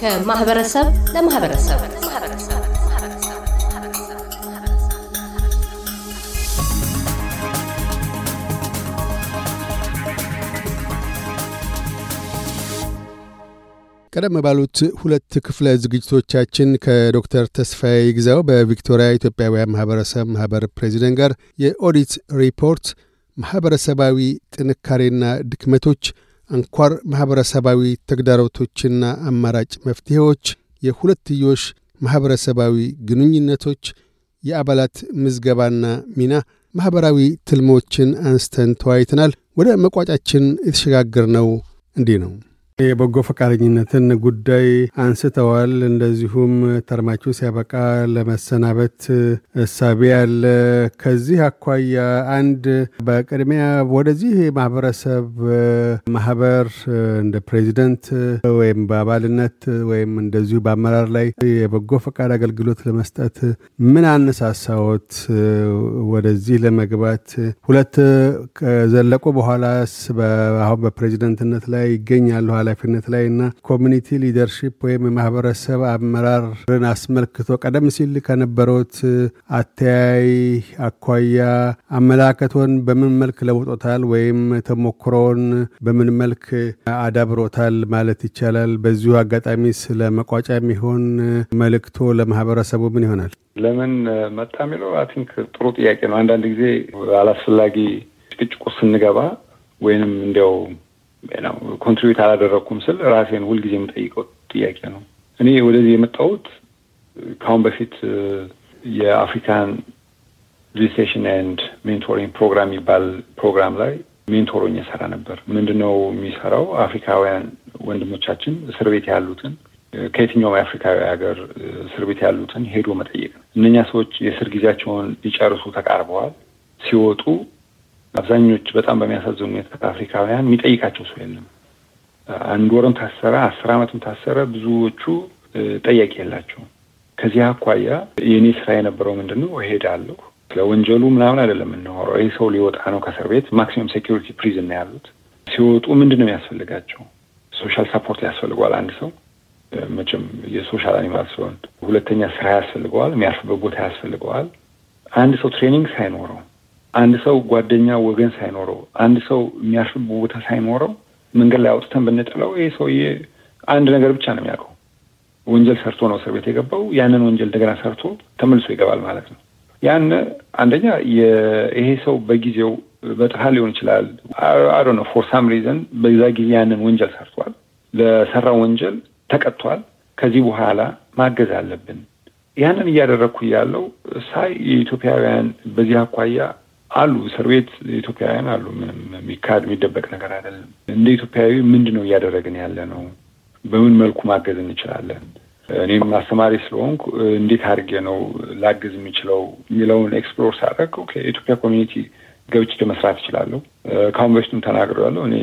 ከማህበረሰብ ለማህበረሰብ ቀደም ባሉት ሁለት ክፍለ ዝግጅቶቻችን ከዶክተር ተስፋዬ ይግዛው በቪክቶሪያ ኢትዮጵያውያን ማህበረሰብ ማህበር ፕሬዚደንት ጋር የኦዲት ሪፖርት ማህበረሰባዊ ጥንካሬና ድክመቶች፣ አንኳር ማህበረሰባዊ ተግዳሮቶችና አማራጭ መፍትሔዎች፣ የሁለትዮሽ ማህበረሰባዊ ግንኙነቶች፣ የአባላት ምዝገባና ሚና፣ ማኅበራዊ ትልሞችን አንስተን ተወያይተናል። ወደ መቋጫችን የተሸጋገርነው እንዲህ ነው። የበጎ ፈቃደኝነትን ጉዳይ አንስተዋል። እንደዚሁም ተርማችሁ ሲያበቃ ለመሰናበት እሳቤ ያለ ከዚህ አኳያ አንድ በቅድሚያ ወደዚህ ማህበረሰብ ማህበር እንደ ፕሬዚደንት ወይም በአባልነት ወይም እንደዚሁ በአመራር ላይ የበጎ ፈቃድ አገልግሎት ለመስጠት ምን አነሳሳዎት ወደዚህ ለመግባት? ሁለት ከዘለቁ በኋላስ አሁን በፕሬዚደንትነት ላይ ይገኛሉ ኃላፊነት ላይ እና ኮሚኒቲ ሊደርሺፕ ወይም የማህበረሰብ አመራርን አስመልክቶ ቀደም ሲል ከነበረውት አተያይ አኳያ አመላከቶን በምን መልክ ለውጦታል ወይም ተሞክሮውን በምን መልክ አዳብሮታል ማለት ይቻላል? በዚሁ አጋጣሚ ስለ መቋጫ የሚሆን መልእክቶ ለማህበረሰቡ ምን ይሆናል? ለምን መጣ የሚለው አይ ቲንክ ጥሩ ጥያቄ ነው። አንዳንድ ጊዜ አላስፈላጊ ጭቅጭቁ ስንገባ ወይንም እንዲያው ነው ኮንትሪቢዩት አላደረግኩም ስል ራሴን ሁልጊዜ የምጠይቀው ጥያቄ ነው። እኔ ወደዚህ የመጣሁት ከአሁን በፊት የአፍሪካን ሪሴሽን ኤንድ ሜንቶሪንግ ፕሮግራም የሚባል ፕሮግራም ላይ ሜንቶሮኝ የሰራ ነበር። ምንድን ነው የሚሰራው? አፍሪካውያን ወንድሞቻችን እስር ቤት ያሉትን ከየትኛውም የአፍሪካዊ ሀገር እስር ቤት ያሉትን ሄዶ መጠየቅ ነው። እነኛ ሰዎች የእስር ጊዜያቸውን ሊጨርሱ ተቃርበዋል። ሲወጡ አብዛኞቹ በጣም በሚያሳዝን ሁኔታ አፍሪካውያን የሚጠይቃቸው ሰው የለም። አንድ ወርም ታሰረ፣ አስር ዓመትም ታሰረ፣ ብዙዎቹ ጠያቂ የላቸው። ከዚህ አኳያ የእኔ ስራ የነበረው ምንድን ነው? እሄዳለሁ። ለወንጀሉ ምናምን አይደለም የምናወራው። ይህ ሰው ሊወጣ ነው ከእስር ቤት። ማክሲመም ሴኪሪቲ ፕሪዝን ነው ያሉት። ሲወጡ ምንድን ነው የሚያስፈልጋቸው? ሶሻል ሰፖርት ያስፈልገዋል አንድ ሰው መቼም የሶሻል አኒማል ስለሆን፣ ሁለተኛ ስራ ያስፈልገዋል፣ የሚያርፍበት ቦታ ያስፈልገዋል። አንድ ሰው ትሬኒንግ ሳይኖረው አንድ ሰው ጓደኛ ወገን ሳይኖረው አንድ ሰው የሚያርፍበት ቦታ ሳይኖረው መንገድ ላይ አውጥተን ብንጥለው ይህ ሰውዬ አንድ ነገር ብቻ ነው የሚያውቀው፣ ወንጀል ሰርቶ ነው እስር ቤት የገባው። ያንን ወንጀል እንደገና ሰርቶ ተመልሶ ይገባል ማለት ነው። ያን አንደኛ ይሄ ሰው በጊዜው በጥሃ ሊሆን ይችላል አዶ ነው ፎር ሳም ሪዘን በዛ ጊዜ ያንን ወንጀል ሰርቷል። ለሰራው ወንጀል ተቀጥቷል። ከዚህ በኋላ ማገዝ አለብን። ያንን እያደረግኩ ያለው ሳይ የኢትዮጵያውያን በዚህ አኳያ አሉ እስር ቤት ኢትዮጵያውያን አሉ። ምንም የሚካድ የሚደበቅ ነገር አይደለም። እንደ ኢትዮጵያዊ ምንድን ነው እያደረግን ያለ ነው? በምን መልኩ ማገዝ እንችላለን? እኔም አስተማሪ ስለሆንኩ እንዴት አድርጌ ነው ላግዝ የሚችለው የሚለውን ኤክስፕሎር ሳደርግ የኢትዮጵያ ኮሚኒቲ ገብቼ መስራት እችላለሁ። ከአሁን በፊትም ተናግሬያለሁ። እኔ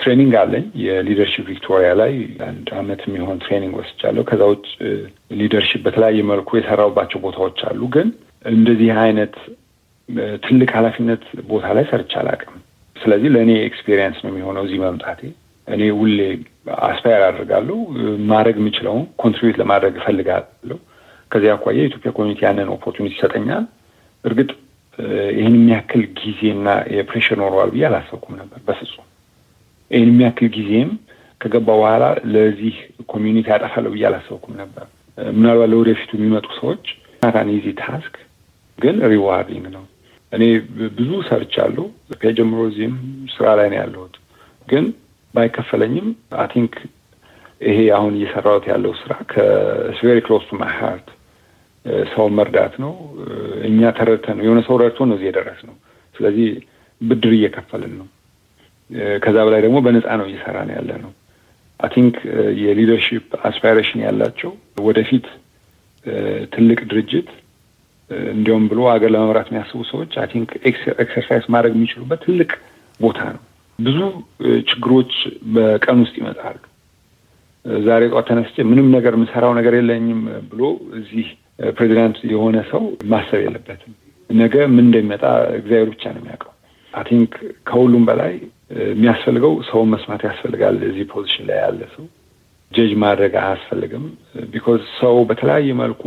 ትሬኒንግ አለኝ የሊደርሽፕ ቪክቶሪያ ላይ አንድ አመት የሚሆን ትሬኒንግ ወስጃለሁ። ከዛ ውጭ ሊደርሽፕ በተለያየ መልኩ የሰራሁባቸው ቦታዎች አሉ ግን እንደዚህ አይነት ትልቅ ኃላፊነት ቦታ ላይ ሰርቼ አላውቅም። ስለዚህ ለእኔ ኤክስፔሪየንስ ነው የሚሆነው እዚህ መምጣቴ። እኔ ሁሌ አስፓየር አድርጋለሁ፣ ማድረግ የምችለውን ኮንትሪቢዩት ለማድረግ እፈልጋለሁ። ከዚህ አኳያ የኢትዮጵያ ኮሚኒቲ ያንን ኦፖርቹኒቲ ይሰጠኛል። እርግጥ ይህን የሚያክል ጊዜና የፕሬሽር ኖረዋል ብዬ አላሰብኩም ነበር በፍጹም። ይህን የሚያክል ጊዜም ከገባ በኋላ ለዚህ ኮሚኒቲ ያጠፋለሁ ብዬ አላሰብኩም ነበር። ምናልባት ለወደፊቱ የሚመጡ ሰዎች ናታን ኢዚ ታስክ ግን ሪዋርዲንግ ነው። እኔ ብዙ ሰርቻለሁ። ኢትዮጵያ ጀምሮ እዚህም ስራ ላይ ነው ያለሁት። ግን ባይከፈለኝም አይ ቲንክ ይሄ አሁን እየሰራሁት ያለው ስራ ከስቬሪ ክሎስ ቱ ማይ ሀርት ሰውን መርዳት ነው። እኛ ተረድተን ነው የሆነ ሰው ረድቶ ነው እዚህ የደረስ ነው። ስለዚህ ብድር እየከፈልን ነው። ከዛ በላይ ደግሞ በነፃ ነው እየሰራ ነው ያለ ነው። አይ ቲንክ የሊደርሺፕ አስፓይሬሽን ያላቸው ወደፊት ትልቅ ድርጅት እንዲሁም ብሎ አገር ለመምራት የሚያስቡ ሰዎች አይ ቲንክ ኤክሰርሳይዝ ማድረግ የሚችሉበት ትልቅ ቦታ ነው። ብዙ ችግሮች በቀን ውስጥ ይመጣሉ። ዛሬ ጧት ተነስቼ ምንም ነገር የምሰራው ነገር የለኝም ብሎ እዚህ ፕሬዚዳንት የሆነ ሰው ማሰብ የለበትም። ነገ ምን እንደሚመጣ እግዚአብሔር ብቻ ነው የሚያውቀው። አይ ቲንክ ከሁሉም በላይ የሚያስፈልገው ሰውን መስማት ያስፈልጋል። እዚህ ፖዚሽን ላይ ያለ ሰው ጀጅ ማድረግ አያስፈልግም። ቢኮዝ ሰው በተለያየ መልኩ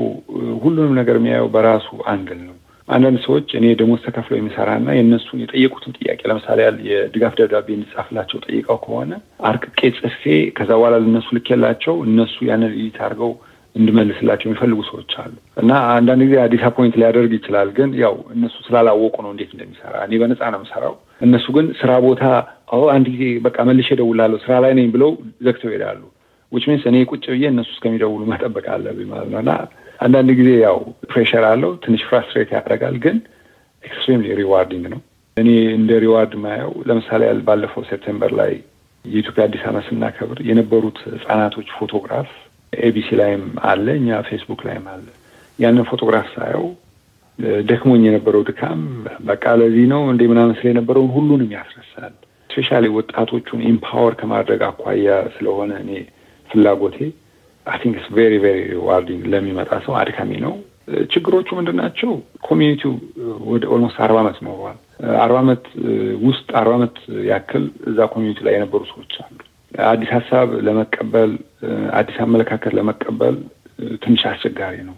ሁሉንም ነገር የሚያየው በራሱ አንግል ነው። አንዳንድ ሰዎች እኔ ደሞዝ ተከፍለው የሚሰራና የእነሱን የጠየቁትን ጥያቄ ለምሳሌ ያህል የድጋፍ ደብዳቤ እንጻፍላቸው ጠይቀው ከሆነ አርቅቄ ጽፌ ከዛ በኋላ ለእነሱ ልኬላቸው እነሱ ያንን ኢዲት አድርገው እንድመልስላቸው የሚፈልጉ ሰዎች አሉ እና አንዳንድ ጊዜ አዲስ አፖይንት ሊያደርግ ይችላል። ግን ያው እነሱ ስላላወቁ ነው እንዴት እንደሚሰራ። እኔ በነፃ ነው የምሰራው። እነሱ ግን ስራ ቦታ አንድ ጊዜ በቃ መልሼ እደውላለሁ ስራ ላይ ነኝ ብለው ዘግተው ይሄዳሉ። ዊች ሚንስ እኔ ቁጭ ብዬ እነሱ እስከሚደውሉ መጠበቅ አለብኝ ማለት ነው። እና አንዳንድ ጊዜ ያው ፕሬሸር አለው ትንሽ ፍራስትሬት ያደርጋል፣ ግን ኤክስትሪምሊ ሪዋርዲንግ ነው። እኔ እንደ ሪዋርድ ማየው ለምሳሌ ባለፈው ሴፕቴምበር ላይ የኢትዮጵያ አዲስ ዓመት ስናከብር የነበሩት ህጻናቶች ፎቶግራፍ ኤቢሲ ላይም አለ፣ እኛ ፌስቡክ ላይም አለ። ያንን ፎቶግራፍ ሳየው ደክሞኝ የነበረው ድካም በቃ ለዚህ ነው እንደ ምናምን ስለ የነበረውን ሁሉንም ያስረሳል። ስፔሻሊ ወጣቶቹን ኢምፓወር ከማድረግ አኳያ ስለሆነ እኔ ፍላጎቴ አይ ቲንክ ኢትስ ቬሪ ቬሪ ሪዋርዲንግ ለሚመጣ ሰው አድካሚ ነው። ችግሮቹ ምንድን ናቸው? ኮሚኒቲው uh, ወደ ኦልሞስት አርባ ዓመት ኖሯል። uh, አርባ ዓመት uh, ውስጥ አርባ ዓመት ያክል እዛ ኮሚኒቲ ላይ የነበሩ ሰዎች አሉ። አዲስ ሀሳብ ለመቀበል አዲስ አመለካከት ለመቀበል ትንሽ አስቸጋሪ ነው።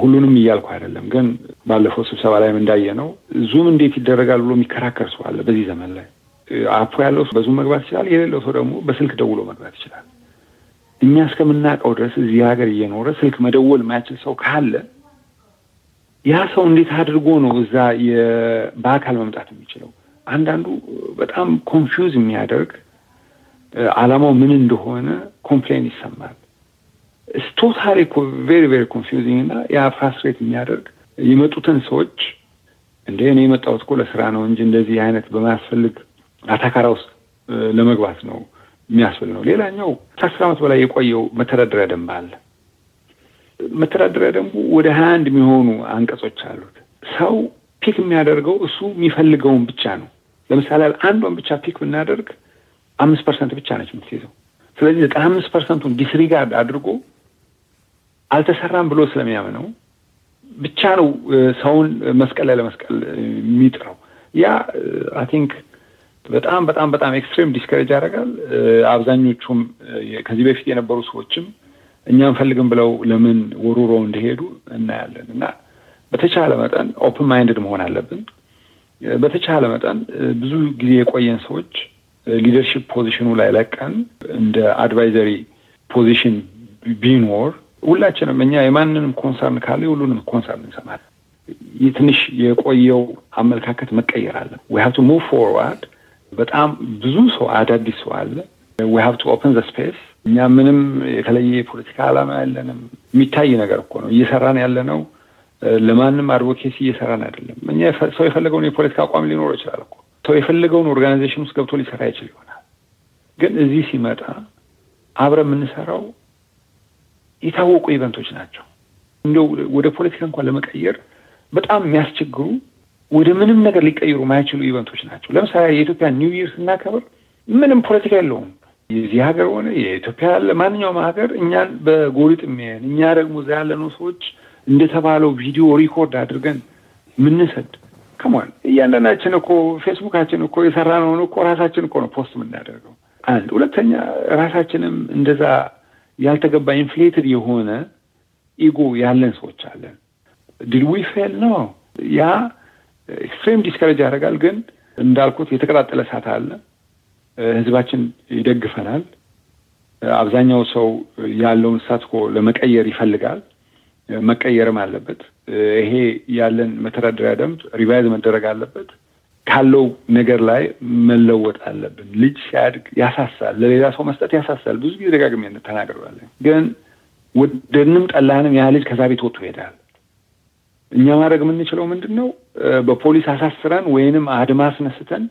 ሁሉንም እያልኩ አይደለም፣ ግን ባለፈው ስብሰባ ላይ እንዳየ ነው ዙም እንዴት ይደረጋል ብሎ የሚከራከር ሰው አለ። በዚህ ዘመን ላይ አፖ ያለው ሰው በዙም መግባት ይችላል፣ የሌለው ሰው ደግሞ በስልክ ደውሎ መግባት ይችላል። እኛ እስከምናውቀው ድረስ እዚህ ሀገር እየኖረ ስልክ መደወል የማይችል ሰው ካለ ያ ሰው እንዴት አድርጎ ነው እዛ በአካል መምጣት የሚችለው? አንዳንዱ በጣም ኮንፊውዝ የሚያደርግ አላማው ምን እንደሆነ ኮምፕሌን ይሰማል። ቶታሊ ቬሪ ቬሪ ኮንፊውዚንግ እና ያ ፍራስትሬት የሚያደርግ የመጡትን ሰዎች እንደ እኔ የመጣሁት እኮ ለስራ ነው እንጂ እንደዚህ አይነት በማያስፈልግ አታካራ ውስጥ ለመግባት ነው የሚያስብል ነው። ሌላኛው ከአስር ዓመት በላይ የቆየው መተዳደሪያ ደንብ አለ። መተዳደሪያ ደንቡ ወደ ሀያ አንድ የሚሆኑ አንቀጾች አሉት። ሰው ፒክ የሚያደርገው እሱ የሚፈልገውን ብቻ ነው። ለምሳሌ አንዷን ብቻ ፒክ ብናደርግ አምስት ፐርሰንት ብቻ ነች የምትይዘው። ስለዚህ ዘጠና አምስት ፐርሰንቱን ዲስሪጋርድ አድርጎ አልተሰራም ብሎ ስለሚያምነው ብቻ ነው ሰውን መስቀል ላይ ለመስቀል የሚጥረው ያ አይ ቲንክ በጣም በጣም በጣም ኤክስትሪም ዲስከሬጅ ያደርጋል። አብዛኞቹም ከዚህ በፊት የነበሩ ሰዎችም እኛ አንፈልግም ብለው ለምን ወሩሮ እንደሄዱ እናያለን። እና በተቻለ መጠን ኦፕን ማይንድድ መሆን አለብን። በተቻለ መጠን ብዙ ጊዜ የቆየን ሰዎች ሊደርሽፕ ፖዚሽኑ ላይ ለቀን እንደ አድቫይዘሪ ፖዚሽን ቢኖር ሁላችንም እኛ የማንንም ኮንሰርን ካለ የሁሉንም ኮንሰርን እንሰማለን። ትንሽ የቆየው አመለካከት መቀየር አለ ዊ ሃቭ ቱ ሙቭ ፎርዋርድ በጣም ብዙ ሰው አዳዲስ ሰው አለ። ዊ ሀብ ቱ ኦፕን ዘ ስፔስ። እኛ ምንም የተለየ የፖለቲካ ዓላማ ያለንም የሚታይ ነገር እኮ ነው እየሰራን ያለ ነው። ለማንም አድቮኬሲ እየሰራን አይደለም። እኛ ሰው የፈለገውን የፖለቲካ አቋም ሊኖረው ይችላል እኮ ሰው የፈለገውን ኦርጋናይዜሽን ውስጥ ገብቶ ሊሰራ ይችል ይሆናል። ግን እዚህ ሲመጣ አብረ የምንሰራው የታወቁ ኢቨንቶች ናቸው። እንደ ወደ ፖለቲካ እንኳን ለመቀየር በጣም የሚያስቸግሩ ወደ ምንም ነገር ሊቀይሩ ማይችሉ ኢቨንቶች ናቸው። ለምሳሌ የኢትዮጵያ ኒው ይር ስናከብር ምንም ፖለቲካ የለውም። የዚህ ሀገር ሆነ የኢትዮጵያ ያለ ማንኛውም ሀገር እኛን በጎሪጥ የሚያየን እኛ ደግሞ እዛ ያለነው ሰዎች እንደተባለው ቪዲዮ ሪኮርድ አድርገን ምንሰድ ከሟል እያንዳንዳችን እኮ ፌስቡካችን እኮ የሰራነውን እኮ ራሳችን እኮ ነው ፖስት የምናደርገው። አንድ ሁለተኛ ራሳችንም እንደዛ ያልተገባ ኢንፍሌትድ የሆነ ኢጎ ያለን ሰዎች አለን። ድልዊ ፌል ነው ያ ኤክስትሬም ዲስከሬጅ ያደርጋል። ግን እንዳልኩት የተቀጣጠለ እሳት አለ። ህዝባችን ይደግፈናል። አብዛኛው ሰው ያለውን እሳት እኮ ለመቀየር ይፈልጋል። መቀየርም አለበት። ይሄ ያለን መተዳደሪያ ደንብ ሪቫይዝ መደረግ አለበት። ካለው ነገር ላይ መለወጥ አለብን። ልጅ ሲያድግ ያሳሳል፣ ለሌላ ሰው መስጠት ያሳሳል። ብዙ ጊዜ ደጋግሜ ተናግረዋለን። ግን ወደንም ጠላንም ያ ልጅ ከዛ ቤት ወጥቶ ይሄዳል። እኛ ማድረግ የምንችለው ምንድን ነው? በፖሊስ አሳስረን ወይንም አድማ አስነስተን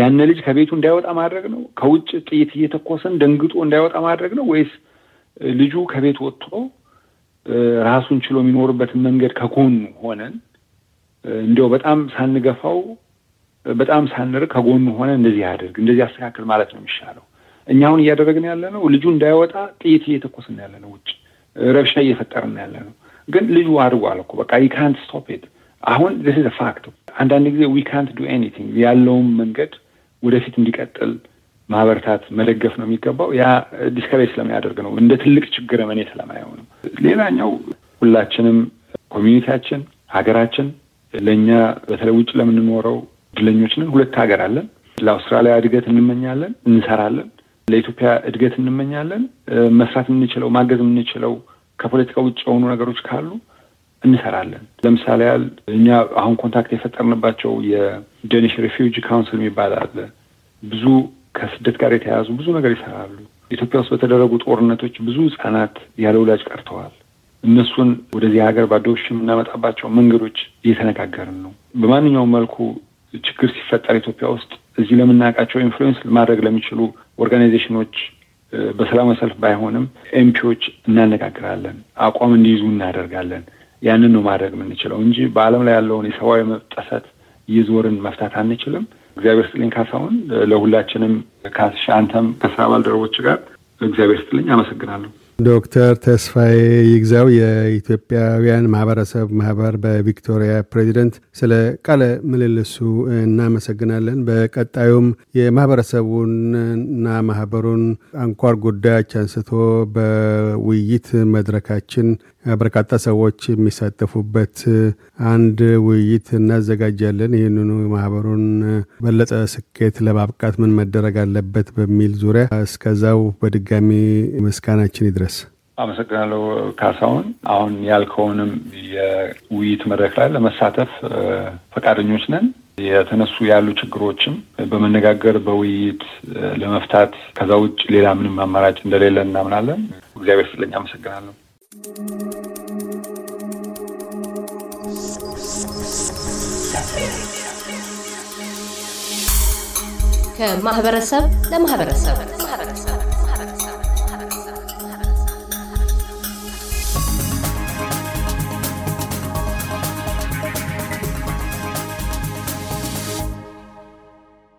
ያን ልጅ ከቤቱ እንዳይወጣ ማድረግ ነው? ከውጭ ጥይት እየተኮሰን ደንግጦ እንዳይወጣ ማድረግ ነው? ወይስ ልጁ ከቤት ወጥቶ ራሱን ችሎ የሚኖርበትን መንገድ ከጎኑ ሆነን እንዲያው በጣም ሳንገፋው በጣም ሳንርቅ ከጎኑ ሆነ እንደዚህ ያደርግ እንደዚህ ያስተካክል ማለት ነው የሚሻለው። እኛ አሁን እያደረግን ያለ ነው ልጁ እንዳይወጣ ጥይት እየተኮስን ያለ ነው፣ ውጭ ረብሻ እየፈጠርን ያለ ነው። ግን ልጁ አድርጓል እኮ በቃ ዩ ካንት ስቶፕ ኢት። አሁን ዚስ ኢዝ ፋክት። አንዳንድ ጊዜ ዊ ካንት ዱ ኤኒቲንግ ያለውን መንገድ ወደፊት እንዲቀጥል ማበረታት መደገፍ ነው የሚገባው። ያ ዲስከሬጅ ስለሚያደርግ ነው እንደ ትልቅ ችግር መኔ ስለማየው ነው። ሌላኛው ሁላችንም ኮሚዩኒቲያችን፣ ሀገራችን ለእኛ በተለይ ውጭ ለምንኖረው እድለኞች ሁለት ሀገር አለን። ለአውስትራሊያ እድገት እንመኛለን፣ እንሰራለን። ለኢትዮጵያ እድገት እንመኛለን። መስራት የምንችለው ማገዝ የምንችለው ከፖለቲካ ውጭ የሆኑ ነገሮች ካሉ እንሰራለን። ለምሳሌ ያህል እኛ አሁን ኮንታክት የፈጠርንባቸው የደኒሽ ሪፊውጂ ካውንስል የሚባል አለ። ብዙ ከስደት ጋር የተያያዙ ብዙ ነገር ይሰራሉ። ኢትዮጵያ ውስጥ በተደረጉ ጦርነቶች ብዙ ህጻናት ያለ ወላጅ ቀርተዋል። እነሱን ወደዚህ ሀገር በአዶፕሽን የምናመጣባቸው መንገዶች እየተነጋገርን ነው። በማንኛውም መልኩ ችግር ሲፈጠር ኢትዮጵያ ውስጥ እዚህ ለምናውቃቸው ኢንፍሉዌንስ ማድረግ ለሚችሉ ኦርጋናይዜሽኖች በሰላማዊ ሰልፍ ባይሆንም ኤምፒዎች እናነጋግራለን፣ አቋም እንዲይዙ እናደርጋለን። ያንን ነው ማድረግ የምንችለው እንጂ በዓለም ላይ ያለውን የሰብአዊ መብት ጥሰት እየዞርን መፍታት አንችልም። እግዚአብሔር ስጥልኝ ካሳሁን፣ ለሁላችንም ካስሽ፣ አንተም ከስራ ባልደረቦች ጋር እግዚአብሔር ስጥልኝ። አመሰግናለሁ። ዶክተር ተስፋዬ ይግዛው የኢትዮጵያውያን ማህበረሰብ ማህበር በቪክቶሪያ ፕሬዚደንት፣ ስለ ቃለ ምልልሱ እናመሰግናለን። በቀጣዩም የማህበረሰቡንና ማህበሩን አንኳር ጉዳዮች አንስቶ በውይይት መድረካችን በርካታ ሰዎች የሚሳተፉበት አንድ ውይይት እናዘጋጃለን። ይህንኑ ማህበሩን በለጠ ስኬት ለማብቃት ምን መደረግ አለበት በሚል ዙሪያ እስከዛው በድጋሚ ምስጋናችን ይድረስ። አመሰግናለሁ ካሳሁን። አሁን ያልከውንም የውይይት መድረክ ላይ ለመሳተፍ ፈቃደኞች ነን። የተነሱ ያሉ ችግሮችም በመነጋገር በውይይት ለመፍታት ከዛ ውጭ ሌላ ምንም አማራጭ እንደሌለ እናምናለን። እግዚአብሔር ይስጥልኝ። አመሰግናለሁ። ከማህበረሰብ ለማህበረሰብ